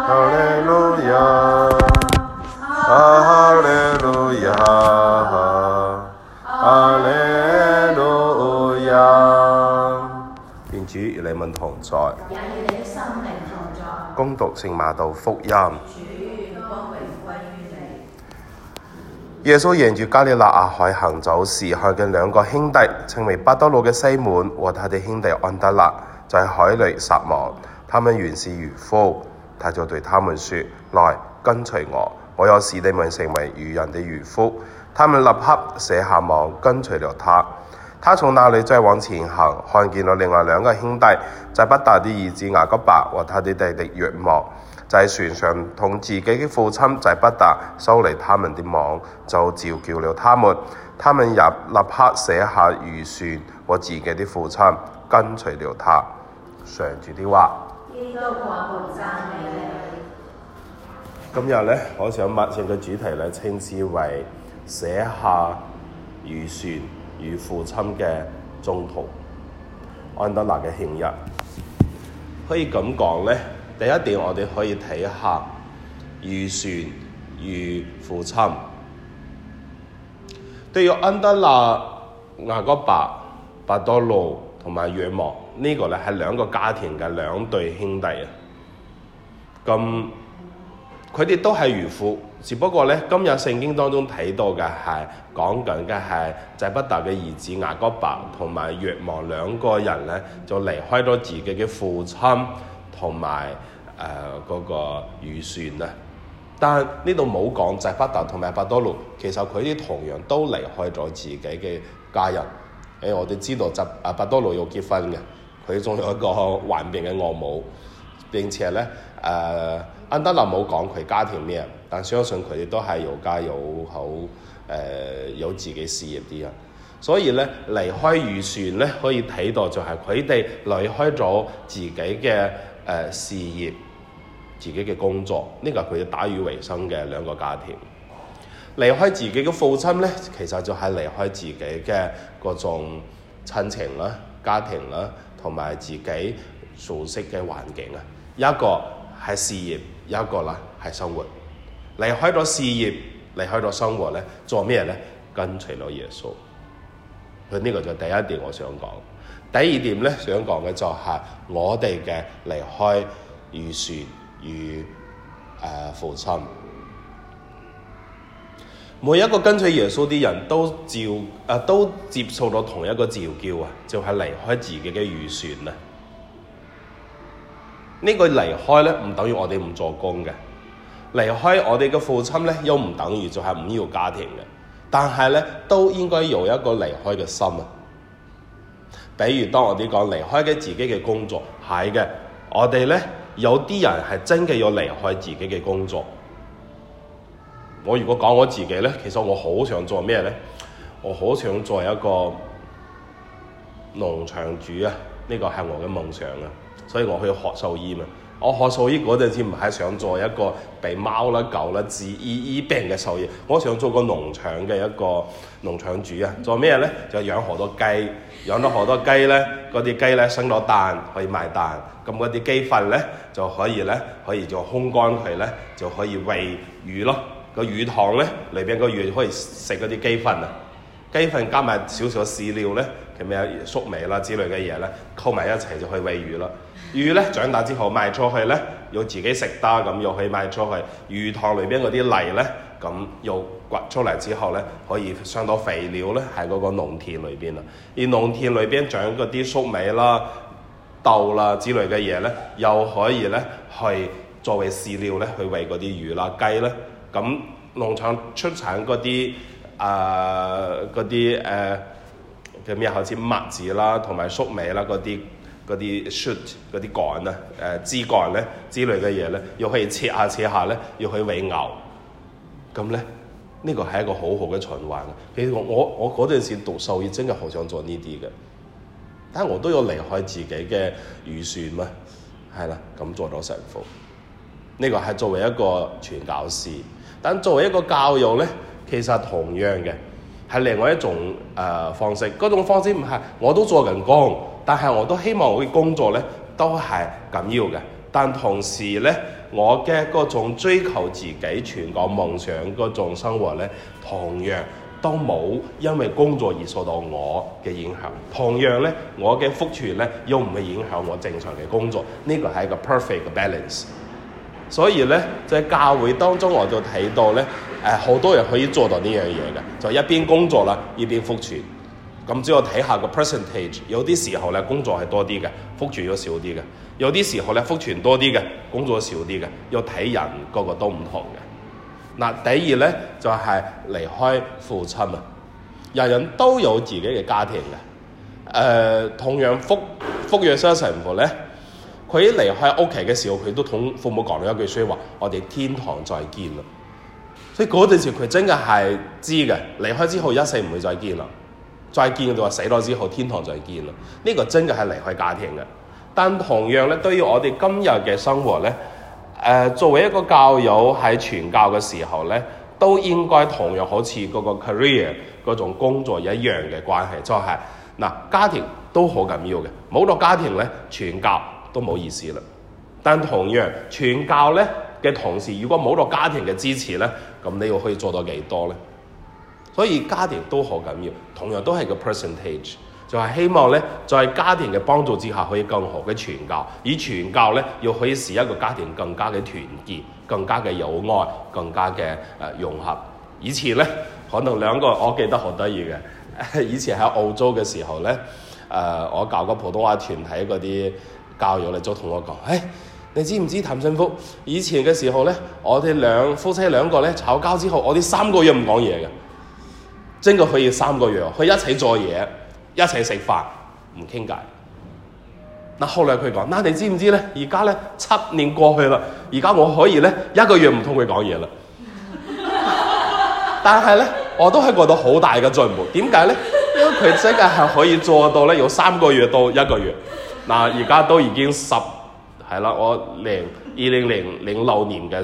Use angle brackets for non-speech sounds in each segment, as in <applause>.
哈利路亞，哈利路亞，哈利路亞。店主，與你們同在，恭讀聖瑪竇福音。主，光榮歸於你。耶穌沿住加里肋亞海行走時，看見兩個兄弟，稱為伯多祿嘅西滿和他哋兄弟安德肋，就在海裏撒網。他們原是漁夫。他就對他們說：來，跟隨我，我要使你們成為漁人的漁夫。他們立刻捨下網，跟隨了他。他從那裏再往前行，看見了另外兩個兄弟，在、就是、不達的兒子亞各伯和他的弟弟若望，在、就是、船上同自己的父親在、就是、不達收嚟他們的網，就召叫了他們。他們也立刻捨下漁船和自己的父親，跟隨了他，上主的話。今日呢，我想默開嘅主題咧，稱之為捨下漁船和父親嘅宗徒。安德納嘅慶日，可以咁講呢，第一點，我哋可以睇下漁船和父親。對於安德納，雅各伯、伯多祿。同埋若望呢，這個咧係兩個家庭嘅兩對兄弟啊。咁佢哋都係漁夫，只不過咧，今日聖經當中睇到嘅係講緊嘅係載伯德嘅兒子雅各伯同埋若望兩個人呢，就離開咗自己嘅父親同埋誒嗰個漁船啊。但呢度冇講載伯德同埋伯多祿，其實佢哋同樣都離開咗自己嘅家人。誒、哎，我哋知道，就阿伯多祿要結婚嘅，佢仲有一個患病嘅岳母。並且咧，誒、呃，安德肋冇講佢家庭咩，但相信佢哋都係有家有口，誒、呃，有自己事業啲人。所以咧，離開漁船咧，可以睇到就係佢哋離開咗自己嘅誒、呃、事業，自己嘅工作，呢、這個係佢哋打魚為生嘅兩個家庭。離開自己嘅父親咧，其實就係離開自己嘅嗰種親情啦、家庭啦，同埋自己熟悉嘅環境啊。一個係事業，一個啦係生活。離開咗事業，離開咗生活咧，做咩咧？跟隨咗耶穌。佢、這、呢個就第一點我想講，第二點咧想講嘅就係我哋嘅離開漁船與誒父親。每一個跟隨耶穌啲人都召啊，都接受到同一個召叫啊，就係、是、離開自己嘅漁船啦。呢、這個離開呢，唔等於我哋唔做工嘅，離開我哋嘅父親呢，又唔等於就係唔要家庭嘅，但係呢，都應該有一個離開嘅心啊。比如當我哋講離開嘅自己嘅工作，係嘅，我哋呢，有啲人係真嘅要離開自己嘅工作。我如果講我自己咧，其實我好想做咩咧？我好想做一個農場主啊！呢、這個係我嘅夢想啊！所以我去學獸醫嘛。我學獸醫嗰陣時唔係想做一個俾貓啦狗啦治醫醫病嘅獸醫，我想做個農場嘅一個農場,場主啊！做咩咧？就養好多雞，養咗好多雞咧，嗰啲雞咧生咗蛋可以賣蛋，咁嗰啲雞糞咧就可以咧可以做烘乾佢咧就可以喂魚咯。個魚塘咧，裏邊嗰魚可以食嗰啲雞糞啊，雞糞加埋少少飼料咧，叫咩粟米啦之類嘅嘢咧，溝埋一齊就去餵魚啦。魚咧長大之後賣出去咧，要自己食得咁，又可以賣出去。魚塘裏邊嗰啲泥咧，咁又掘出嚟之後咧，可以上到肥料咧，喺嗰個農田裏邊啦。而農田裏邊長嗰啲粟米啦、豆啦之類嘅嘢咧，又可以咧去作為飼料咧，去餵嗰啲魚啦、雞咧。咁農場出產嗰啲啊嗰啲誒叫咩？好似麥子啦，同埋粟米啦嗰啲嗰啲樹嗰啲杆啊誒枝杆咧之類嘅嘢咧，又可以切下切下咧，又可以喂牛。咁咧呢個係一個好好嘅循環。其實我我我嗰陣時讀獸醫真係好想做呢啲嘅，但係我都要離開自己嘅預算嘛，係啦。咁做到神父，呢、這個係作為一個傳教士。但作為一個教育呢，其實同樣嘅，係另外一種、呃、方式。嗰種方式唔係我都做緊工，但係我都希望我嘅工作呢都係緊要嘅。但同時呢，我嘅嗰種追求自己全個夢想嗰種生活呢，同樣都冇因為工作而受到我嘅影響。同樣呢，我嘅福傳呢又唔會影響我正常嘅工作。呢、這個係一個 perfect balance。所以咧，就在教會當中我就睇到呢，誒、呃、好多人可以做到呢樣嘢嘅，就一邊工作啦，一邊福傳。咁只要睇下個 percentage，有啲時候呢工作係多啲嘅，福傳要少啲嘅；有啲時候呢福傳多啲嘅，工作少啲嘅，要睇人個個都唔同嘅。嗱，第二呢，就係、是、離開父親啊！人人都有自己嘅家庭嘅，誒、呃、同樣復復若瑟神父呢。佢一離開屋企嘅時候，佢都同父母講咗一句説話，我哋天堂再見啦！所以嗰陣時佢真嘅係知嘅，離開之後一世唔會再見啦。再見就話死咗之後天堂再見啦。呢個真嘅係離開家庭嘅。但同樣咧，對於我哋今日嘅生活咧，誒、呃，作為一個教友喺傳教嘅時候咧，都應該同樣好似嗰個 career 嗰種工作一樣嘅關係，就係嗱，家庭都好緊要嘅，冇咗家庭咧，傳教。都冇意思啦，但同樣，傳教呢嘅同時，如果冇咗家庭嘅支持呢，咁你又可以做到幾多呢？所以家庭都好緊要，同樣都係個 percentage，就係希望呢，在家庭嘅幫助之下，可以更好嘅傳教，以傳教呢，又可以使一個家庭更加嘅團結，更加嘅友愛，更加嘅、呃、融合。以前呢，可能兩個我記得好得意嘅，以前喺澳洲嘅時候呢，誒、呃、我教個普通話團體嗰啲。教育你再同我講，誒、哎，你知唔知譚信福以前嘅時候呢，我哋兩夫妻兩個呢，吵交之後，我哋三個月唔講嘢嘅，經過可以三個月，去一齊做嘢，一齊食飯，唔傾偈。嗱，後來佢講，嗱，你知唔知呢？而家呢，七年過去啦，而家我可以呢，一個月唔同佢講嘢啦。 <laughs> 但係呢，我都係過到好大嘅進步，點解呢？因為佢真係係可以做到呢，有三個月到一個月。嗱，而家都已經十係啦，我零二零零零六年嘅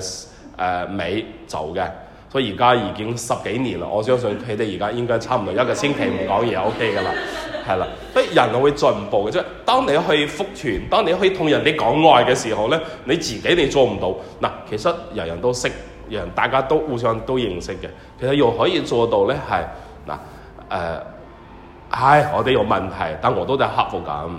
誒尾走嘅，所以而家已經十幾年啦。我相信佢哋而家應該差唔多一個星期唔講嘢 OK 噶啦，係啦。所以人會進步嘅。即係當你去福傳，當你去同人哋講愛嘅時候咧，你自己你做唔到。嗱，其實人人都識，人大家都互相都認識嘅，其實又可以做到咧？係嗱誒，唉我哋有問題，但我都係克服緊。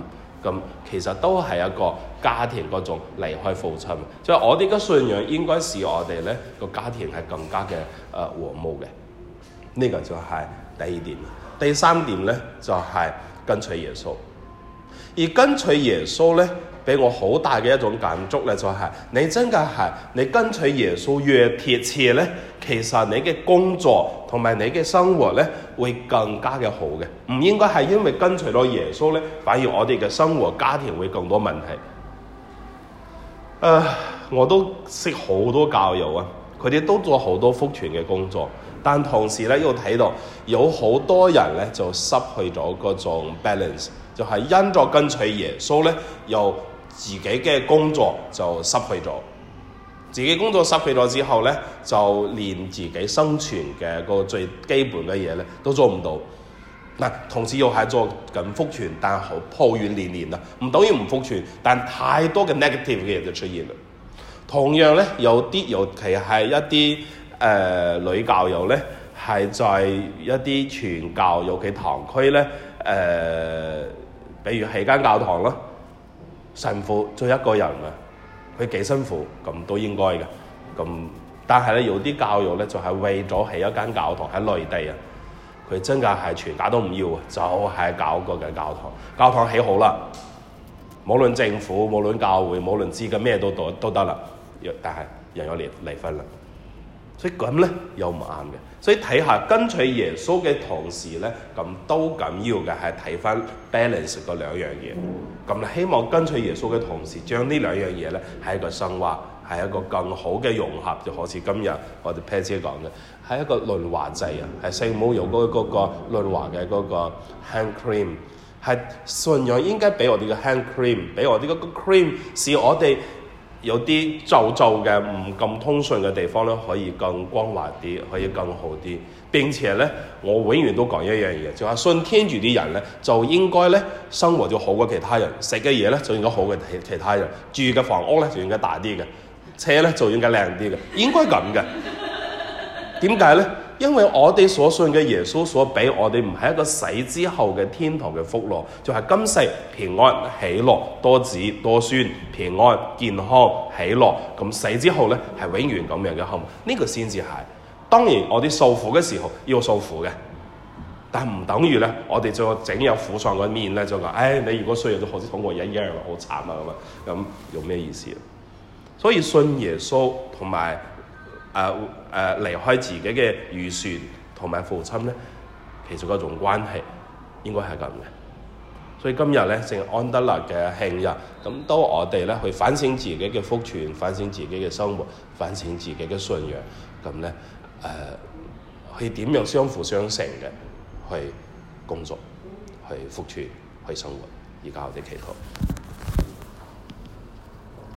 咁其實都係一個家庭嗰種離開父親，即係我哋嘅信仰應該使我哋咧個家庭係更加嘅誒和睦嘅，呢個就係第二點。第三點咧就係跟隨耶穌。而跟隨耶穌咧，俾我好大嘅一種感觸咧，就係、係、你真嘅係你跟隨耶穌越貼切咧，其實你嘅工作同埋你嘅生活咧，會更加嘅好嘅。唔應該係因為跟隨到耶穌咧，反而我哋嘅生活家庭會更多問題。呃，我都識好多教友啊，佢哋都做好多福傳嘅工作，但同時呢，要睇到有好多人呢，就失去咗嗰種 balance。就係因咗跟隨耶穌咧，又自己嘅工作就失去咗。自己工作失去咗之後咧，就連自己生存嘅個最基本嘅嘢咧都做唔到。嗱，同時又係做緊福傳，但好抱怨連連啊，唔等於唔福傳，但太多嘅 negative 嘅嘢就出現啦。同樣咧，有啲尤其係一啲誒、呃、女教友咧，係在一啲傳教友嘅堂區咧，誒、呃。比如起間教堂咯，神父做一個人啊，佢幾辛苦，咁都應該嘅。咁但係咧，有啲教育咧就係為咗起一間教堂喺內地啊，佢真㗎係全家都唔要啊，就係、是、搞個嘅教堂，教堂起好啦，無論政府、無論教會、無論資金咩都得都得啦。但係人有離離婚啦。所以咁咧又唔啱嘅，所以睇下跟隨耶穌嘅同時咧，咁都緊要嘅係睇返 balance 嗰兩樣嘢。咁、嗯、希望跟隨耶穌嘅同時，將呢兩樣嘢咧係一個昇華，係一個更好嘅融合。就好似今日我哋 Peter 講嘅，係一個輪滑劑啊，係聖母用嗰嗰個輪滑嘅嗰個 hand cream，係信仰應該俾我哋嘅 hand cream，俾我哋嗰個 cream，是我哋。有啲皺皺嘅唔咁通順嘅地方咧，可以更光滑啲，可以更好啲。並且咧，我永遠都講一樣嘢，就話信天主啲人咧，就應該咧生活就好過其他人，食嘅嘢咧就應該好過其他人，住嘅房屋咧就應該大啲嘅，車咧就應該靚啲嘅，應該咁嘅。點解咧？因為我哋所信嘅耶穌所俾我哋唔係一個死之後嘅天堂嘅福樂，就係、是、今世平安喜樂、多子多孫、平安健康、喜樂。咁死之後咧係永遠咁樣嘅幸福，呢、這個先至係。當然我哋受苦嘅時候要受苦嘅，但唔等於咧我哋就整有苦喪嘅面咧就話：唉、哎，你如果衰咗好似同人一樣好慘啊咁啊，咁有咩意思？所以信耶穌同埋。誒誒、啊啊、離開自己嘅漁船同埋父親咧，其實嗰種關係應該係咁嘅。所以今日咧，正安德肋嘅慶日，咁都我哋咧去反省自己嘅福傳，反省自己嘅生活，反省自己嘅信仰，咁咧誒去點樣相輔相成嘅去工作、去福傳、去生活，而家我哋祈禱。